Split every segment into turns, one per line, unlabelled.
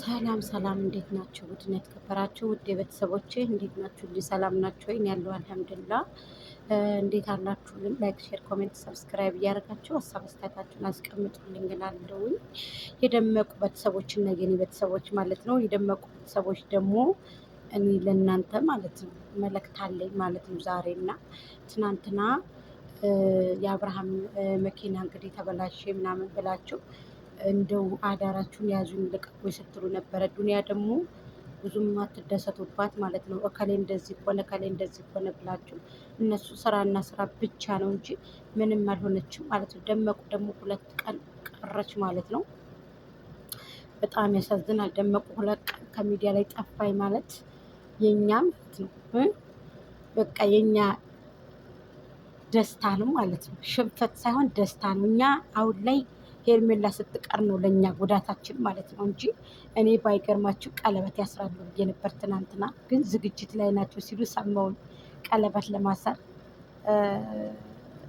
ሰላም ሰላም፣ እንዴት ናችሁ? ውድና የተከበራችሁ ውድ ቤተሰቦቼ እንዴት ናችሁ? ልጅ ሰላም ናችሁ ወይ? ያለው አልሐምድላ። እንዴት አላችሁልን? ላይክ፣ ሼር፣ ኮሜንት፣ ሰብስክራይብ እያደረጋችሁ ሀሳብ አስተያየታችሁን አስቀምጡልኝ። ላለው የደመቁ ቤተሰቦች እና የኔ ቤተሰቦች ማለት ነው። የደመቁ ቤተሰቦች ደግሞ እኔ ለእናንተ ማለት ነው መልእክት አለኝ ማለት ነው። እና ትናንትና የአብርሃም መኪና እንግዲህ ተበላሸ ምናምን ብላችሁ እንደው አዳራችሁን ያዙን ልቀቁ ስትሉ ነበረ። ዱኒያ ደግሞ ብዙም አትደሰቱባት ማለት ነው። እከሌ እንደዚህ ሆነ፣ እከሌ እንደዚህ ሆነ ብላችሁ እነሱ ስራና ስራ ብቻ ነው እንጂ ምንም አልሆነችም ማለት ነው። ደመቁ ደግሞ ሁለት ቀን ቀረች ማለት ነው። በጣም ያሳዝናል። ደመቁ ሁለት ቀን ከሚዲያ ላይ ጠፋኝ ማለት የኛ ማለት ነው በቃ የኛ ደስታ ነው ማለት ነው። ሽንፈት ሳይሆን ደስታ ነው። እኛ አሁን ላይ ሄርሜላ ስትቀር ነው ለእኛ ጉዳታችን ማለት ነው እንጂ እኔ ባይገርማችሁ ቀለበት ያስራሉ ብዬ ነበር ትናንትና። ግን ዝግጅት ላይ ናቸው ሲሉ ሰማውን ቀለበት ለማሰር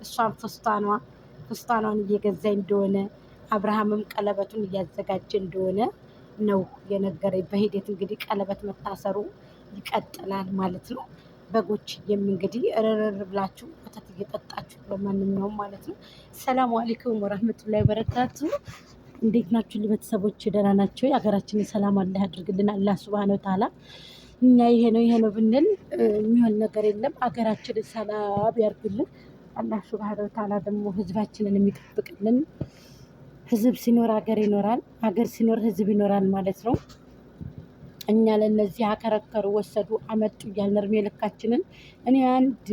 እሷን ፍስቷኗ ፍስቷኗን እየገዛ እንደሆነ አብርሃምም ቀለበቱን እያዘጋጀ እንደሆነ ነው የነገረኝ። በሂደት እንግዲህ ቀለበት መታሰሩ ይቀጥላል ማለት ነው። በጎች እንግዲህ ረረር ብላችሁ ወተት እየጠጣችሁ በማንኛውም ማለት ነው። ሰላም አለይኩም ወራህመቱላሂ ወበረካቱ። እንዴት ናችሁ? ለቤተሰቦች ደህና ናቸው። የሀገራችንን ሰላም አላህ ያድርግልን። አላህ ሱብሃነሁ ወተዓላ እኛ ይሄ ነው ይሄ ነው ብንል የሚሆን ነገር የለም። ሀገራችንን ሰላም ያርግልን። አላህ ሱብሃነሁ ወተዓላ ደግሞ ህዝባችንን የሚጠብቅልን። ህዝብ ሲኖር ሀገር ይኖራል፣ ሀገር ሲኖር ህዝብ ይኖራል ማለት ነው። እኛ ለእነዚህ አከረከሩ ወሰዱ አመጡ እያልን እድሜ ልካችንን እኔ አንድ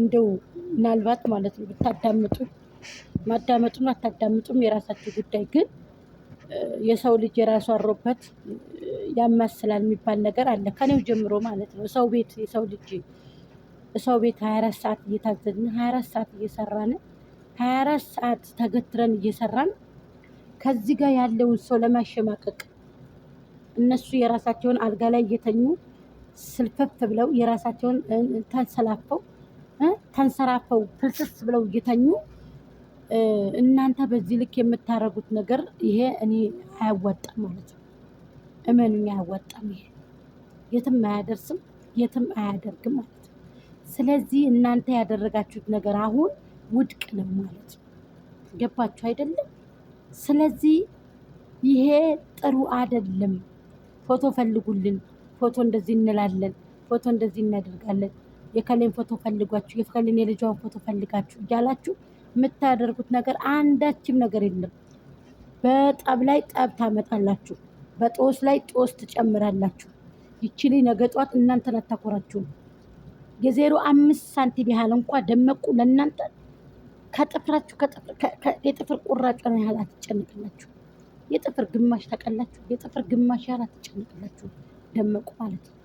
እንደው ምናልባት ማለት ነው ብታዳምጡ ማዳመጡን አታዳምጡም የራሳቸው ጉዳይ ግን የሰው ልጅ የራሱ አሮበት ያማስላል የሚባል ነገር አለ። ከኔው ጀምሮ ማለት ነው ሰው ቤት የሰው ልጅ ሰው ቤት ሀያ አራት ሰዓት እየታዘዝን ሀያ አራት ሰዓት እየሰራን ሀያ አራት ሰዓት ተገትረን እየሰራን ከዚህ ጋር ያለውን ሰው ለማሸማቀቅ እነሱ የራሳቸውን አልጋ ላይ እየተኙ ስልፈፍ ብለው የራሳቸውን ተንሰላፈው ተንሰራፈው ፍልስስ ብለው እየተኙ እናንተ በዚህ ልክ የምታደርጉት ነገር ይሄ እኔ አያዋጣም ማለት ነው። እመኑኝ አያዋጣም። ይሄ የትም አያደርስም፣ የትም አያደርግም ማለት ነው። ስለዚህ እናንተ ያደረጋችሁት ነገር አሁን ውድቅ ነው ማለት ነው። ገባችሁ አይደለም? ስለዚህ ይሄ ጥሩ አይደለም። ፎቶ ፈልጉልን፣ ፎቶ እንደዚህ እንላለን፣ ፎቶ እንደዚህ እናደርጋለን፣ የከሌን ፎቶ ፈልጓችሁ፣ የከሌን የልጇን ፎቶ ፈልጋችሁ እያላችሁ የምታደርጉት ነገር አንዳችም ነገር የለም። በጠብ ላይ ጠብ ታመጣላችሁ፣ በጦስ ላይ ጦስ ትጨምራላችሁ። ይችል ነገ ጧት እናንተን አታኮራችሁም። የዜሮ አምስት ሳንቲም ያህል እንኳ ደመቁ ለእናንተ ከጥፍራችሁ የጥፍር ቁራጭ ያህል አትጨንቅላችሁ። የጥፍር ግማሽ ታውቃላችሁ? የጥፍር ግማሽ ያህል አትጨነቅላችሁ። ደመቁ ማለት ነው።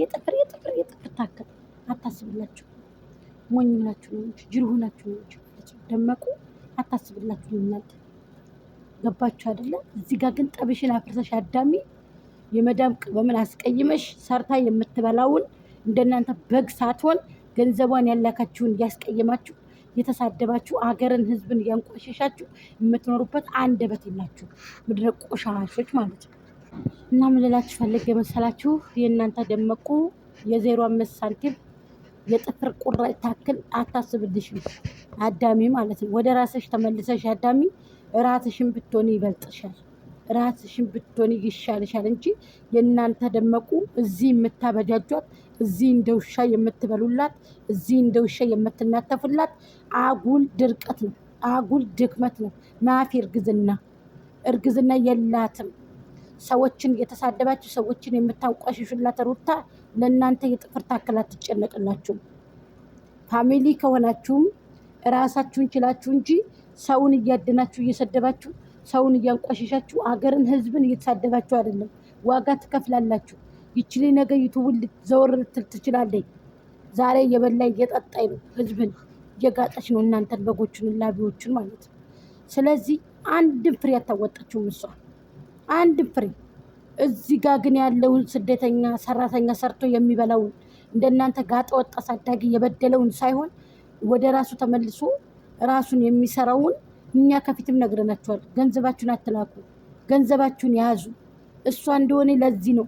የጥፍር የጥፍር የጥፍር ታከል አታስብላችሁ። ሞኝ ሆናችሁ ነው እንጂ ጅል ሆናችሁ ነው እንጂ ደመቁ አታስብላችሁ። እናንተ ገባችሁ አይደለ? እዚህ ጋር ግን ጠብሽን አፍርሰሽ አዳሚ የመዳም ቅመምን አስቀይመሽ ሰርታ የምትበላውን እንደናንተ በግ ሳትሆን ገንዘቧን ያላካችሁን እያስቀየማችሁ የተሳደባችሁ አገርን ህዝብን እያንቆሸሻችሁ የምትኖሩበት አንደበት የላችሁ ምድረ ቆሻሾች ማለት ነው። እና ምን ልላችሁ ፈለግ የመሰላችሁ የእናንተ ደመቁ የዜሮ አምስት ሳንቲም የጥፍር ቁራጭ ታክል አታስብልሽም አዳሚ ማለት ነው። ወደ ራስሽ ተመልሰሽ አዳሚ ራስሽን ብትሆን ይበልጥሻል። ራስሽን ብትሆን ይሻልሻል እንጂ የእናንተ ደመቁ እዚህ የምታበጃጇት እዚህ እንደ ውሻ የምትበሉላት እዚህ እንደ ውሻ የምትናተፉላት አጉል ድርቀት ነው፣ አጉል ድክመት ነው። ማፊ እርግዝና እርግዝና የላትም። ሰዎችን የተሳደባችሁ ሰዎችን የምታንቋሽሹላት ሩታ ለእናንተ የጥፍር ታክል አትጨነቅላችሁም። ፋሚሊ ከሆናችሁም ራሳችሁን ችላችሁ እንጂ ሰውን እያደናችሁ እየሰደባችሁ ሰውን እያንቋሸሻችሁ ሀገርን፣ ህዝብን እየተሳደባችሁ አይደለም። ዋጋ ትከፍላላችሁ። ይችል ነገር ዩቱቡን ዘወር ልትል ትችላለች። ዛሬ የበላ እየጠጣኝ ነው፣ ህዝብን እየጋጠች ነው፣ እናንተን በጎቹን ላቢዎቹን ማለት ነው። ስለዚህ አንድን ፍሬ አታወጣችሁም እሷ አንድን ፍሬ። እዚህ ጋ ግን ያለውን ስደተኛ ሰራተኛ ሰርቶ የሚበላውን እንደናንተ ጋጠ ወጥ አሳዳጊ የበደለውን ሳይሆን ወደ ራሱ ተመልሶ ራሱን የሚሰራውን እኛ ከፊትም ነግረናቸዋል። ገንዘባችሁን አትላኩ፣ ገንዘባችሁን ያዙ። እሷ እንደሆነ ለዚህ ነው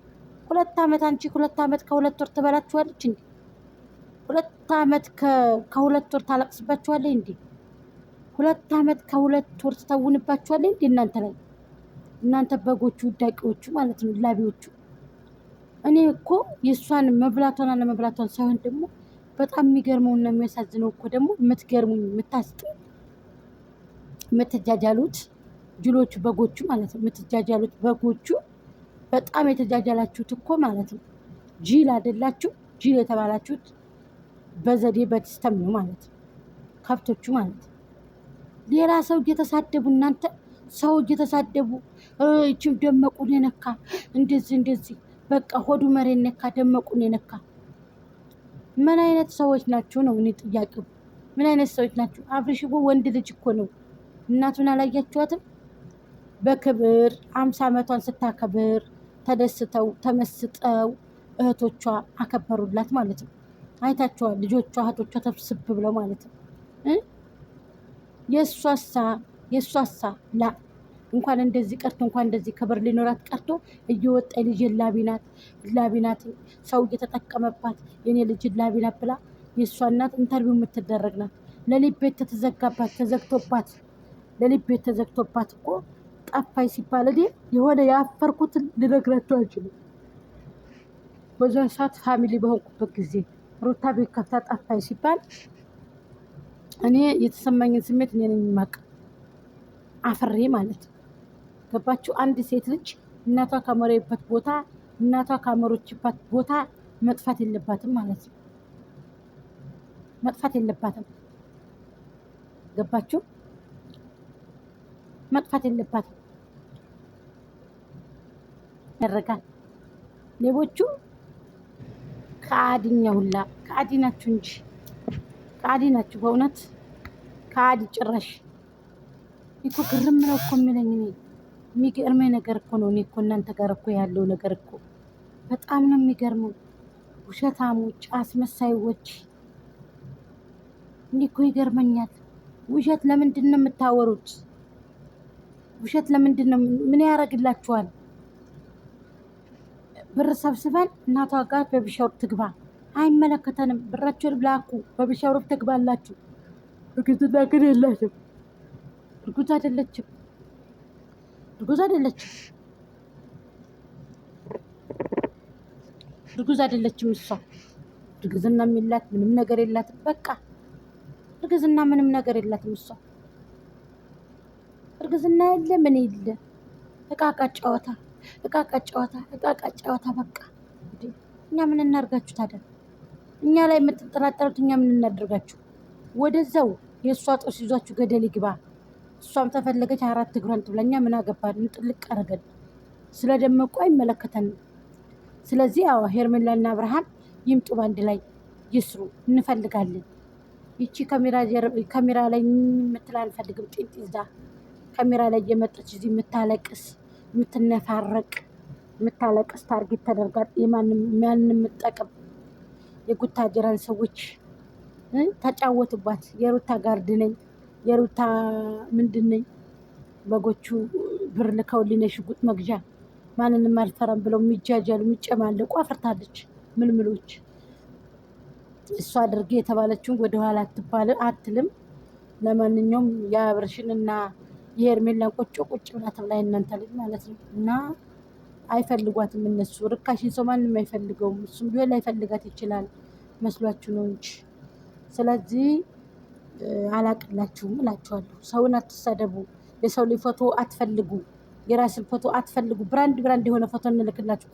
ሁለት ዓመት አንቺ ሁለት ዓመት ከሁለት ወር ትበላችኋለች እንዴ? ሁለት ዓመት ከሁለት ወር ታለቅስባችኋለች እንዴ? ሁለት ዓመት ከሁለት ወር ትታውንባችኋለች እንዴ? እናንተ ላይ እናንተ በጎቹ ውዳቂዎቹ ማለት ነው ላቢዎቹ። እኔ እኮ የእሷን መብላቷን አለመብላቷን ሳይሆን ደግሞ በጣም የሚገርመውና የሚያሳዝነው እኮ ደግሞ የምትገርሙኝ የምታስጥ የምትጃጃሉት ጅሎቹ በጎቹ ማለት ነው። የምትጃጃሉት በጎቹ በጣም የተጃጃላችሁት እኮ ማለት ነው። ጅል አይደላችሁ። ጅል የተባላችሁት በዘዴ በሲስተም ነው ማለት ነው። ከብቶቹ ማለት ነው። ሌላ ሰው እየተሳደቡ እናንተ ሰው እየተሳደቡ እችም ደመቁን የነካ እንደዚህ እንደዚህ በቃ ሆዱ መሬ ነካ፣ ደመቁን የነካ ምን አይነት ሰዎች ናቸው ነው እኔ ጥያቄው። ምን አይነት ሰዎች ናቸው? አብርሽ እኮ ወንድ ልጅ እኮ ነው። እናቱን አላያችኋትም? በክብር አምሳ ዓመቷን ስታከብር ተደስተው ተመስጠው እህቶቿ አከበሩላት ማለት ነው። አይታችኋል? ልጆቿ እህቶቿ ተስብ ብለው ማለት ነው። የእሷሳ የእሷሳ ላ እንኳን እንደዚህ ቀርቶ እንኳን እንደዚህ ክብር ሊኖራት ቀርቶ እየወጣ የልጅ ላቢናት ላቢናት ሰው እየተጠቀመባት የኔ ልጅ ላቢናት ብላ የእሷ እናት ኢንተርቪው የምትደረግ ናት። ለሊት ቤት ተዘጋባት ተዘግቶባት ለልቤ ተዘግቶባት እኮ ጠፋኝ ሲባል እኔ የሆነ ያፈርኩትን ልነግራቸው አልችልም። በዛ ሰዓት ፋሚሊ በሆንኩበት ጊዜ ሩታ ቤት ከፍታ ጠፋኝ ሲባል እኔ የተሰማኝን ስሜት እኔ ነኝ የማውቅ አፍሬ ማለት ነው። ገባችሁ? አንድ ሴት ልጅ እናቷ ካመረችበት ቦታ እናቷ ካመሮችበት ቦታ መጥፋት የለባትም ማለት ነው። መጥፋት የለባትም። ገባችሁ? መጥፋት የለባትም። ያደረጋል ሌቦቹ ከአዲኛ ሁላ ከአዲ ናችሁ እንጂ ከአዲ ናችሁ፣ በእውነት ከአዲ ጭራሽ እኮ ግርም ነው እኮ የሚለኝ እኔ የሚገርመኝ ነገር እኮ ነው። እኔ እኮ እናንተ ጋር እኮ ያለው ነገር እኮ በጣም ነው የሚገርመው። ውሸታሞች፣ አስመሳይዎች እኔ እኮ ይገርመኛል። ውሸት ለምንድን ነው የምታወሩት? ውሸት ለምንድን ነው? ምን ያደርግላችኋል? ብር ሰብስበን እናቷ ጋር በቢሻውር ትግባ፣ አይመለከተንም። ብራችሁን ብላኩ፣ በቢሻውር ትግባላችሁ። እርግዝና ግን የላትም። እርጉዝ አይደለችም። እርጉዝ አይደለችም። እርጉዝ አይደለችም። እሷ እርግዝና የሚላት ምንም ነገር የላትም። በቃ እርግዝና ምንም ነገር የላትም እሷ እርግዝና የለ ምን የለ እቃቃ ጨዋታ እቃቃ ጨዋታ እቃቃ ጨዋታ በቃ እኛ ምን እናርጋችሁ ታዲያ? እኛ ላይ የምትጠራጠሩት እኛ ምን እናደርጋችሁ? ወደዛው የእሷ ጦስ ይዟችሁ ገደል ይግባ። እሷም ተፈለገች አራት እግሯን ትብላ። እኛ ምን አገባን? ጥልቅ አድርገን ስለደመቁ አይመለከተንም። ስለዚህ አዎ ሄርሜላና አብርሃም ይምጡ፣ በአንድ ላይ ይስሩ እንፈልጋለን። ይቺ ካሜራ ላይ የምትል አንፈልግም። ጢንጢዛ ካሜራ ላይ የመጣች እዚህ የምታለቅስ የምትነፋረቅ የምታለቅስ ታርጌት ተደርጋ የማንም የጉታ የጉታጀራን ሰዎች ተጫወቱባት። የሩታ ጋርድ ነኝ የሩታ ምንድን ነኝ በጎቹ ብር ልከውልኝ ሽጉጥ መግዣ ማንንም አልፈራም ብለው የሚጃጃሉ የሚጨማለቁ አፍርታለች። ምልምሎች እሱ አድርጌ የተባለችውን ወደኋላ አትባል አትልም። ለማንኛውም የአብርሽንና የሄርሜላ ቆጮ ቁጭ ብላ ተብላ የእናንተ ልጅ ማለት ነው። እና አይፈልጓትም እነሱ ርካሽን ሰው ማንም አይፈልገውም። እሱም ቢሆን ላይፈልጋት ይችላል መስሏችሁ ነው እንጂ። ስለዚህ አላቅላችሁም እላችኋለሁ። ሰውን አትሳደቡ። የሰው ልጅ ፎቶ አትፈልጉ። የራስን ፎቶ አትፈልጉ። ብራንድ ብራንድ የሆነ ፎቶ እንልክላችሁ